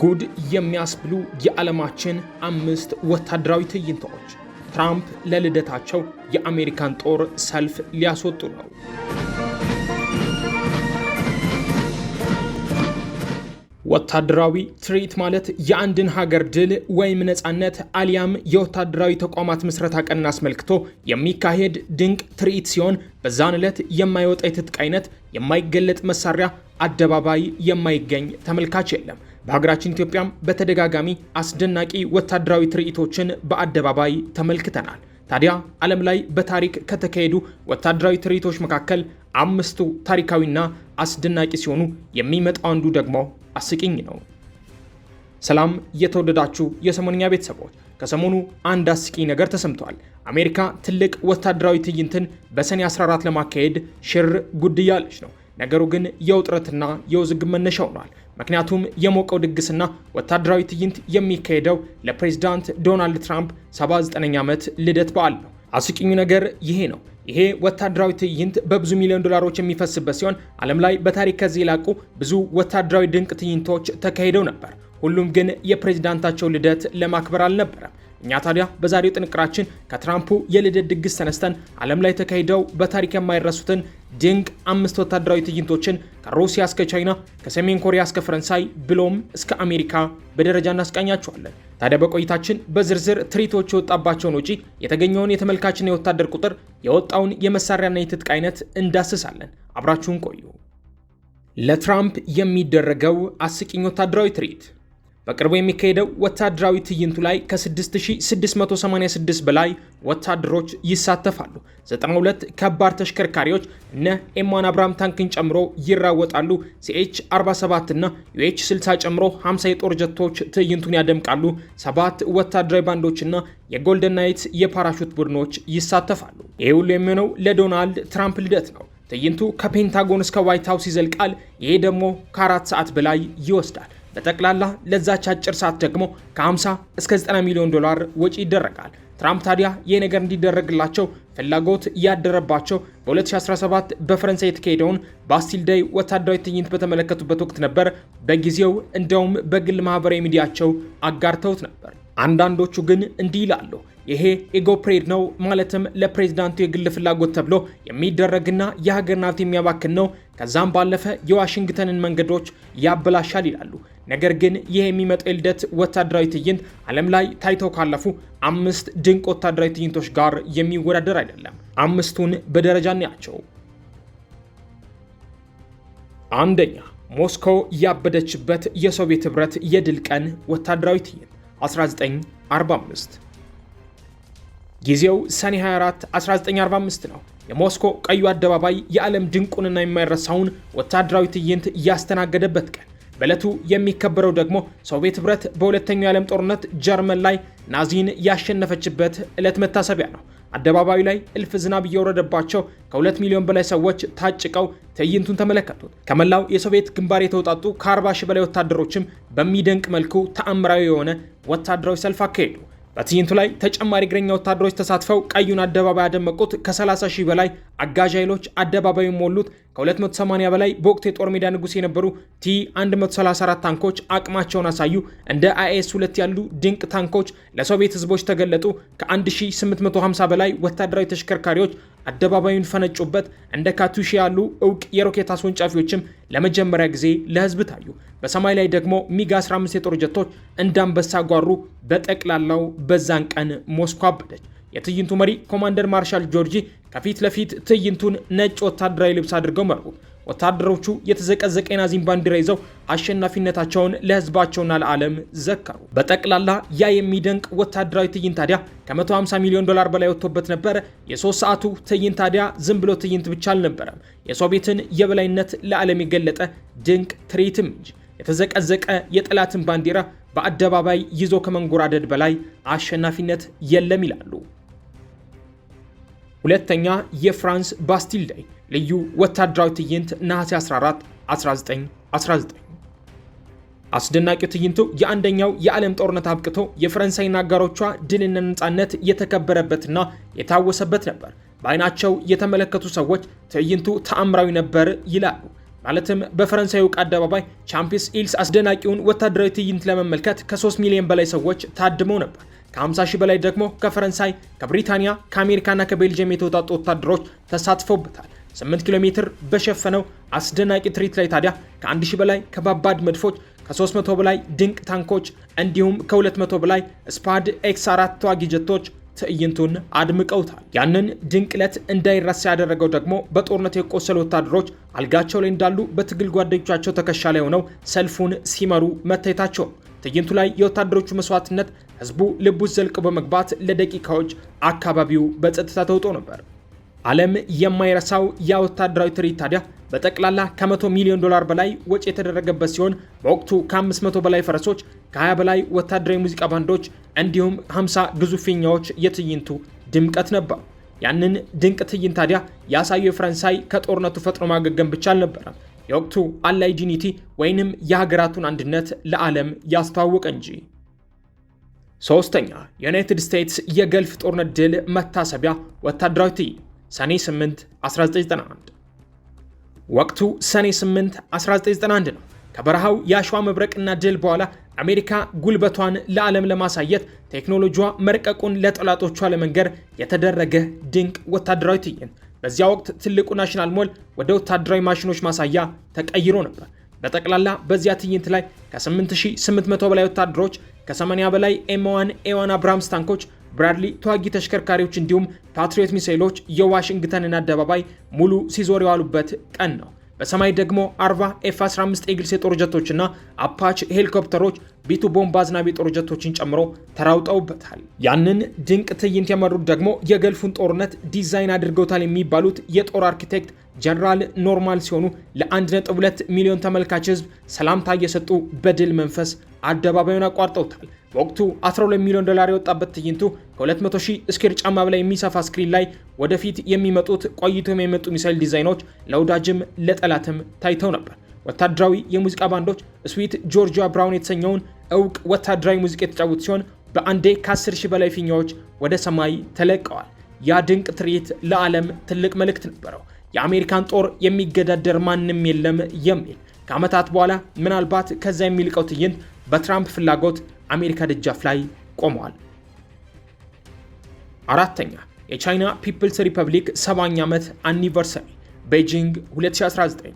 ጉድ የሚያስብሉ የዓለማችን አምስት ወታደራዊ ትዕይንቶች ትራምፕ ለልደታቸው የአሜሪካን ጦር ሰልፍ ሊያስወጡ ነው። ወታደራዊ ትርኢት ማለት የአንድን ሀገር ድል ወይም ነፃነት አሊያም የወታደራዊ ተቋማት ምስረታ ቀንን አስመልክቶ የሚካሄድ ድንቅ ትርኢት ሲሆን በዛን ዕለት የማይወጣ የትጥቅ አይነት፣ የማይገለጥ መሳሪያ፣ አደባባይ የማይገኝ ተመልካች የለም። በሀገራችን ኢትዮጵያም በተደጋጋሚ አስደናቂ ወታደራዊ ትርኢቶችን በአደባባይ ተመልክተናል። ታዲያ ዓለም ላይ በታሪክ ከተካሄዱ ወታደራዊ ትርኢቶች መካከል አምስቱ ታሪካዊና አስደናቂ ሲሆኑ የሚመጣው አንዱ ደግሞ አስቂኝ ነው። ሰላም የተወደዳችሁ የሰሞንኛ ቤተሰቦች፣ ከሰሞኑ አንድ አስቂኝ ነገር ተሰምቷል። አሜሪካ ትልቅ ወታደራዊ ትዕይንትን በሰኔ 14 ለማካሄድ ሽር ጉድ እያለች ነው። ነገሩ ግን የውጥረትና የውዝግብ መነሻ ሆኗል። ምክንያቱም የሞቀው ድግስና ወታደራዊ ትዕይንት የሚካሄደው ለፕሬዝዳንት ዶናልድ ትራምፕ 79ኛ ዓመት ልደት በዓል ነው። አስቂኙ ነገር ይሄ ነው። ይሄ ወታደራዊ ትዕይንት በብዙ ሚሊዮን ዶላሮች የሚፈስበት ሲሆን ዓለም ላይ በታሪክ ከዚህ የላቁ ብዙ ወታደራዊ ድንቅ ትዕይንቶች ተካሂደው ነበር። ሁሉም ግን የፕሬዝዳንታቸው ልደት ለማክበር አልነበረም። እኛ ታዲያ በዛሬው ጥንቅራችን ከትራምፑ የልደት ድግስ ተነስተን ዓለም ላይ ተካሂደው በታሪክ የማይረሱትን ድንቅ አምስት ወታደራዊ ትዕይንቶችን ከሩሲያ እስከ ቻይና፣ ከሰሜን ኮሪያ እስከ ፈረንሳይ ብሎም እስከ አሜሪካ በደረጃ እናስቃኛቸዋለን። ታዲያ በቆይታችን በዝርዝር ትርኢቶች የወጣባቸውን ወጪ፣ የተገኘውን የተመልካችና የወታደር ቁጥር፣ የወጣውን የመሳሪያና የትጥቅ አይነት እንዳስሳለን። አብራችሁን ቆዩ። ለትራምፕ የሚደረገው አስቂኝ ወታደራዊ ትርኢት በቅርቡ የሚካሄደው ወታደራዊ ትዕይንቱ ላይ ከ6686 በላይ ወታደሮች ይሳተፋሉ። 92 ከባድ ተሽከርካሪዎች እነ ኤማን አብርሃም ታንክን ጨምሮ ይራወጣሉ። ሲኤች 47 እና ዩኤች 60 ጨምሮ 50 የጦር ጀቶች ትዕይንቱን ያደምቃሉ። ሰባት ወታደራዊ ባንዶችና የጎልደን ናይት የፓራሹት ቡድኖች ይሳተፋሉ። ይህ ሁሉ የሚሆነው ለዶናልድ ትራምፕ ልደት ነው። ትዕይንቱ ከፔንታጎን እስከ ዋይት ሀውስ ይዘልቃል። ይሄ ደግሞ ከአራት ሰዓት በላይ ይወስዳል። በጠቅላላ ለዛች አጭር ሰዓት ደግሞ ከ50 እስከ 90 ሚሊዮን ዶላር ወጪ ይደረጋል። ትራምፕ ታዲያ ይህ ነገር እንዲደረግላቸው ፍላጎት ያደረባቸው በ2017 በፈረንሳይ የተካሄደውን ባስቲል ዳይ ወታደራዊ ትዕይንት በተመለከቱበት ወቅት ነበር። በጊዜው እንደውም በግል ማህበራዊ ሚዲያቸው አጋርተውት ነበር። አንዳንዶቹ ግን እንዲህ ይላሉ። ይሄ ኢጎ ፕሬድ ነው፣ ማለትም ለፕሬዚዳንቱ የግል ፍላጎት ተብሎ የሚደረግና የሀገርን ሀብት የሚያባክን ነው። ከዛም ባለፈ የዋሽንግተንን መንገዶች ያበላሻል ይላሉ። ነገር ግን ይህ የሚመጣው የልደት ወታደራዊ ትዕይንት ዓለም ላይ ታይተው ካለፉ አምስት ድንቅ ወታደራዊ ትዕይንቶች ጋር የሚወዳደር አይደለም። አምስቱን በደረጃ እናያቸው። አንደኛ፣ ሞስኮ ያበደችበት የሶቪየት ህብረት የድል ቀን ወታደራዊ ትዕይንት 1945 ጊዜው ሰኔ 24 1945 ነው። የሞስኮ ቀዩ አደባባይ የዓለም ድንቁንና የማይረሳውን ወታደራዊ ትዕይንት ያስተናገደበት ቀን። በዕለቱ የሚከበረው ደግሞ ሶቪየት ኅብረት በሁለተኛው የዓለም ጦርነት ጀርመን ላይ ናዚን ያሸነፈችበት ዕለት መታሰቢያ ነው። አደባባዩ ላይ እልፍ ዝናብ እየወረደባቸው ከሁለት ሚሊዮን በላይ ሰዎች ታጭቀው ትዕይንቱን ተመለከቱት። ከመላው የሶቪየት ግንባር የተውጣጡ ከ40 ሺህ በላይ ወታደሮችም በሚደንቅ መልኩ ተአምራዊ የሆነ ወታደራዊ ሰልፍ አካሄዱ። በትዕይንቱ ላይ ተጨማሪ እግረኛ ወታደሮች ተሳትፈው ቀዩን አደባባይ ያደመቁት ከ30 ሺህ በላይ አጋዥ ኃይሎች አደባባዩን ሞሉት። ከ280 በላይ በወቅቱ የጦር ሜዳ ንጉሥ የነበሩ ቲ 134 ታንኮች አቅማቸውን አሳዩ። እንደ አይኤስ 2 ያሉ ድንቅ ታንኮች ለሶቪየት ህዝቦች ተገለጡ። ከ1850 በላይ ወታደራዊ ተሽከርካሪዎች አደባባዩን ፈነጩበት። እንደ ካቱሺ ያሉ እውቅ የሮኬት አስወንጫፊዎችም ለመጀመሪያ ጊዜ ለህዝብ ታዩ። በሰማይ ላይ ደግሞ ሚግ 15 የጦር ጀቶች እንዳንበሳ ጓሩ። በጠቅላላው በዛን ቀን ሞስኮ አበደች። የትዕይንቱ መሪ ኮማንደር ማርሻል ጆርጂ ከፊት ለፊት ትዕይንቱን ነጭ ወታደራዊ ልብስ አድርገው መሩ። ወታደሮቹ የተዘቀዘቀ የናዚን ባንዲራ ይዘው አሸናፊነታቸውን ለህዝባቸውና ለዓለም ዘከሩ። በጠቅላላ ያ የሚደንቅ ወታደራዊ ትዕይንት ታዲያ ከ150 ሚሊዮን ዶላር በላይ ወጥቶበት ነበር የሶስት ሰዓቱ ትዕይንት ታዲያ ዝም ብሎ ትዕይንት ብቻ አልነበረም፣ የሶቪየትን የበላይነት ለዓለም የገለጠ ድንቅ ትርኢትም እንጂ። የተዘቀዘቀ የጠላትን ባንዲራ በአደባባይ ይዞ ከመንጎራደድ በላይ አሸናፊነት የለም ይላሉ። ሁለተኛ የፍራንስ ባስቲል ዳይ ልዩ ወታደራዊ ትዕይንት ነሐሴ 14 1919 አስደናቂው ትዕይንቱ የአንደኛው የዓለም ጦርነት አብቅቶ የፈረንሳይና አጋሮቿ ድልና ነፃነት የተከበረበትና የታወሰበት ነበር። በአይናቸው የተመለከቱ ሰዎች ትዕይንቱ ተአምራዊ ነበር ይላሉ። ማለትም በፈረንሳይ ውቅ አደባባይ ቻምፒስ ኢልስ አስደናቂውን ወታደራዊ ትዕይንት ለመመልከት ከ3 ሚሊዮን በላይ ሰዎች ታድመው ነበር። ከ50 ሺህ በላይ ደግሞ ከፈረንሳይ፣ ከብሪታንያ፣ ከአሜሪካና ከቤልጅየም የተወጣጡ ወታደሮች ተሳትፈውበታል። 8 ኪሎ ሜትር በሸፈነው አስደናቂ ትርኢት ላይ ታዲያ ከ 1000 ሺህ በላይ ከባባድ መድፎች ከ300 በላይ ድንቅ ታንኮች እንዲሁም ከ200 በላይ ስፓድ ኤክስ 4 ተዋጊ ጀቶች ትዕይንቱን አድምቀውታል። ያንን ድንቅ ዕለት እንዳይረሳ ያደረገው ደግሞ በጦርነት የቆሰሉ ወታደሮች አልጋቸው ላይ እንዳሉ በትግል ጓደኞቻቸው ትከሻ ላይ ሆነው ሰልፉን ሲመሩ መታየታቸው ትዕይንቱ ላይ የወታደሮቹ መስዋዕትነት ህዝቡ ልቡ ዘልቆ በመግባት ለደቂቃዎች አካባቢው በጸጥታ ተውጦ ነበር። ዓለም የማይረሳው ያ ወታደራዊ ትርኢት ታዲያ በጠቅላላ ከ100 ሚሊዮን ዶላር በላይ ወጪ የተደረገበት ሲሆን በወቅቱ ከ500 በላይ ፈረሶች፣ ከ20 በላይ ወታደራዊ ሙዚቃ ባንዶች እንዲሁም 50 ግዙፍ ፊኛዎች የትዕይንቱ ድምቀት ነበር። ያንን ድንቅ ትዕይንት ታዲያ ያሳዩ የፈረንሳይ ከጦርነቱ ፈጥኖ ማገገም ብቻ አልነበረም። የወቅቱ አላይጂኒቲ ወይንም የሀገራቱን አንድነት ለዓለም ያስተዋወቀ እንጂ። ሶስተኛ የዩናይትድ ስቴትስ የገልፍ ጦርነት ድል መታሰቢያ ወታደራዊ ትዕይንት ሰኔ 8 1991። ወቅቱ ሰኔ 8 1991 ነው። ከበረሃው የአሸዋ መብረቅና ድል በኋላ አሜሪካ ጉልበቷን ለዓለም ለማሳየት ቴክኖሎጂዋ መርቀቁን ለጠላቶቿ ለመንገር የተደረገ ድንቅ ወታደራዊ ትዕይንት በዚያ ወቅት ትልቁ ናሽናል ሞል ወደ ወታደራዊ ማሽኖች ማሳያ ተቀይሮ ነበር። በጠቅላላ በዚያ ትዕይንት ላይ ከ8800 በላይ ወታደሮች፣ ከ80 በላይ ኤም1 ኤ1 አብራምስ ታንኮች፣ ብራድሊ ተዋጊ ተሽከርካሪዎች እንዲሁም ፓትሪዮት ሚሳይሎች የዋሽንግተንን አደባባይ ሙሉ ሲዞር የዋሉበት ቀን ነው። በሰማይ ደግሞ 40 ኤፍ 15 የእንግሊዝ የጦር ጀቶችና አፓች ሄሊኮፕተሮች ቢቱ ቦምብ አዝናቢ ጦር ጀቶችን ጨምሮ ተራውጠውበታል። ያንን ድንቅ ትዕይንት የመሩት ደግሞ የገልፉን ጦርነት ዲዛይን አድርገውታል የሚባሉት የጦር አርኪቴክት ጀነራል ኖርማል ሲሆኑ ለ1.2 ሚሊዮን ተመልካች ህዝብ ሰላምታ እየሰጡ በድል መንፈስ አደባባዩን አቋርጠውታል። በወቅቱ 12 ሚሊዮን ዶላር የወጣበት ትዕይንቱ ከ200 ሺህ ስኩዌር ጫማ በላይ የሚሰፋ ስክሪን ላይ ወደፊት የሚመጡት ቆይቶም የሚመጡ ሚሳይል ዲዛይኖች ለወዳጅም ለጠላትም ታይተው ነበር። ወታደራዊ የሙዚቃ ባንዶች ስዊት ጆርጂያ ብራውን የተሰኘውን እውቅ ወታደራዊ ሙዚቃ የተጫወቱ ሲሆን በአንዴ ከ10 ሺህ በላይ ፊኛዎች ወደ ሰማይ ተለቀዋል። ያ ድንቅ ትርኢት ለዓለም ትልቅ መልእክት ነበረው። የአሜሪካን ጦር የሚገዳደር ማንም የለም የሚል ከዓመታት በኋላ ምናልባት ከዛ የሚልቀው ትዕይንት በትራምፕ ፍላጎት አሜሪካ ደጃፍ ላይ ቆመዋል። አራተኛ የቻይና ፒፕልስ ሪፐብሊክ 7 ኛ ዓመት አኒቨርሰሪ ቤጂንግ 2019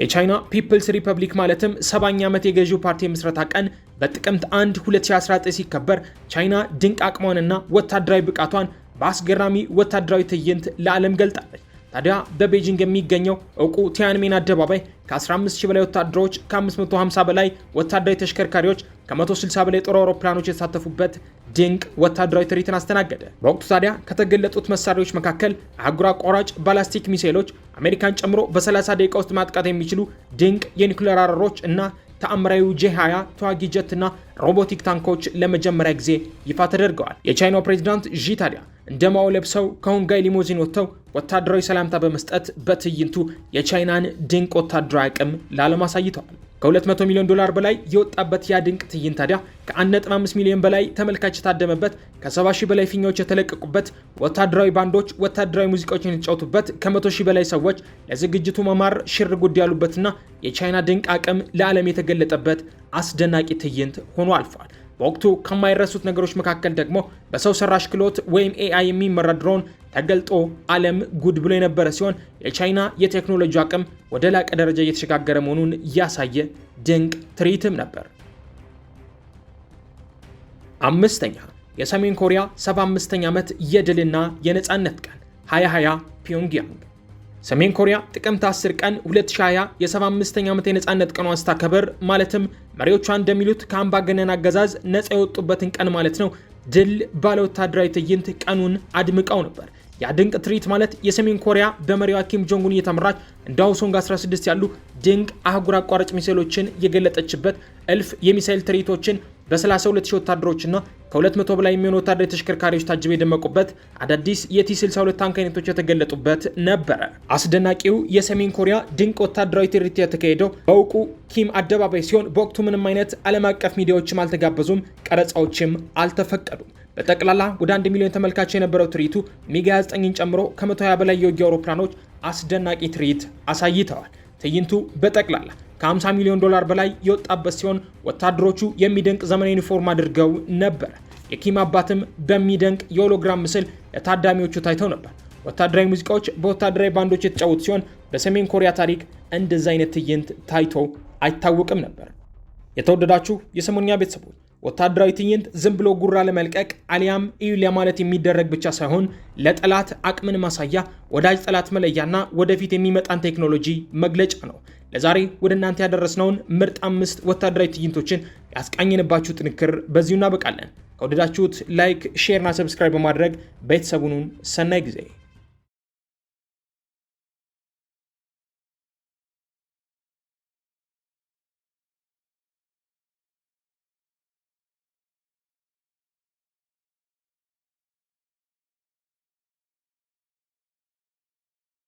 የቻይና ፒፕልስ ሪፐብሊክ ማለትም 7 ኛ ዓመት የገዢው ፓርቲ የምስረታ ቀን በጥቅምት 1 2019 ሲከበር ቻይና ድንቅ አቅሟንና ወታደራዊ ብቃቷን በአስገራሚ ወታደራዊ ትዕይንት ለዓለም ገልጣለች። ታዲያ በቤጂንግ የሚገኘው እውቁ ቲያንሜን አደባባይ ከ15000 በላይ ወታደሮች፣ ከ550 በላይ ወታደራዊ ተሽከርካሪዎች፣ ከ160 በላይ ጦር አውሮፕላኖች የተሳተፉበት ድንቅ ወታደራዊ ትርኢትን አስተናገደ። በወቅቱ ታዲያ ከተገለጡት መሳሪያዎች መካከል አህጉር አቋራጭ ባላስቲክ ሚሳይሎች፣ አሜሪካን ጨምሮ በ30 ደቂቃ ውስጥ ማጥቃት የሚችሉ ድንቅ የኒኩሌር አረሮች እና ተአምራዊ ጄ20 ተዋጊ ጀትና ሮቦቲክ ታንኮች ለመጀመሪያ ጊዜ ይፋ ተደርገዋል። የቻይናው ፕሬዚዳንት ዢ ታዲያ እንደ ማው ለብሰው ከሁንጋይ ሊሞዚን ወጥተው ወታደራዊ ሰላምታ በመስጠት በትዕይንቱ የቻይናን ድንቅ ወታደራዊ አቅም ለዓለም አሳይተዋል። ከ200 ሚሊዮን ዶላር በላይ የወጣበት ያ ድንቅ ትዕይንት ታዲያ ከ1.5 ሚሊዮን በላይ ተመልካች የታደመበት ከ70 ሺህ በላይ ፊኛዎች የተለቀቁበት ወታደራዊ ባንዶች ወታደራዊ ሙዚቃዎችን የተጫወቱበት ከ100 ሺህ በላይ ሰዎች ለዝግጅቱ መማር ሽር ጉድ ያሉበትና የቻይና ድንቅ አቅም ለዓለም የተገለጠበት አስደናቂ ትዕይንት ሆኖ አልፏል። በወቅቱ ከማይረሱት ነገሮች መካከል ደግሞ በሰው ሰራሽ ክህሎት ወይም ኤአይ የሚመራ ድሮን ተገልጦ ዓለም ጉድ ብሎ የነበረ ሲሆን የቻይና የቴክኖሎጂ አቅም ወደ ላቀ ደረጃ እየተሸጋገረ መሆኑን ያሳየ ድንቅ ትርኢትም ነበር። አምስተኛ የሰሜን ኮሪያ 75ኛ ዓመት የድልና የነፃነት ቀን 2020 ፒዮንግያንግ ሰሜን ኮሪያ ጥቅምት 10 ቀን 2020 የ75ኛ ዓመት የነፃነት ቀኗን ስታከብር ማለትም መሪዎቿ እንደሚሉት ከአምባገነን አገዛዝ ነፃ የወጡበትን ቀን ማለት ነው ድል ባለ ወታደራዊ ትዕይንት ቀኑን አድምቀው ነበር። ያ ድንቅ ትርኢት ማለት የሰሜን ኮሪያ በመሪዋ ኪም ጆንጉን እየተመራች እንደ አውሶንግ 16 ያሉ ድንቅ አህጉር አቋራጭ ሚሳይሎችን የገለጠችበት እልፍ የሚሳይል ትርኢቶችን በ32 ሺህ ወታደሮችና ከ200 በላይ የሚሆኑ ወታደራዊ ተሽከርካሪዎች ታጅበ የደመቁበት አዳዲስ የቲ62 ታንክ አይነቶች የተገለጡበት ነበረ። አስደናቂው የሰሜን ኮሪያ ድንቅ ወታደራዊ ትርኢት የተካሄደው በእውቁ ኪም አደባባይ ሲሆን በወቅቱ ምንም አይነት ዓለም አቀፍ ሚዲያዎችም አልተጋበዙም፣ ቀረጻዎችም አልተፈቀዱም። በጠቅላላ ወደ 1 ሚሊዮን ተመልካች የነበረው ትርኢቱ ሚግ 29ን ጨምሮ ከ120 በላይ የውጊያ አውሮፕላኖች አስደናቂ ትርኢት አሳይተዋል። ትዕይንቱ በጠቅላላ ከ50 ሚሊዮን ዶላር በላይ የወጣበት ሲሆን ወታደሮቹ የሚደንቅ ዘመናዊ ዩኒፎርም አድርገው ነበር። የኪም አባትም በሚደንቅ የሆሎግራም ምስል ለታዳሚዎቹ ታይተው ነበር። ወታደራዊ ሙዚቃዎች በወታደራዊ ባንዶች የተጫወቱ ሲሆን በሰሜን ኮሪያ ታሪክ እንደዚህ አይነት ትዕይንት ታይቶ አይታወቅም ነበር። የተወደዳችሁ የሰሞኛ ቤተሰቦች ወታደራዊ ትዕይንት ዝም ብሎ ጉራ ለመልቀቅ አሊያም እዩ ለማለት የሚደረግ ብቻ ሳይሆን ለጠላት አቅምን ማሳያ፣ ወዳጅ ጠላት መለያና ወደፊት የሚመጣን ቴክኖሎጂ መግለጫ ነው። ለዛሬ ወደ እናንተ ያደረስነውን ምርጥ አምስት ወታደራዊ ትዕይንቶችን ያስቃኘንባችሁ ጥንክር በዚሁ እናበቃለን። ከወደዳችሁት ላይክ፣ ሼርና ሰብስክራይብ በማድረግ ቤተሰቡኑን ሰናይ ጊዜ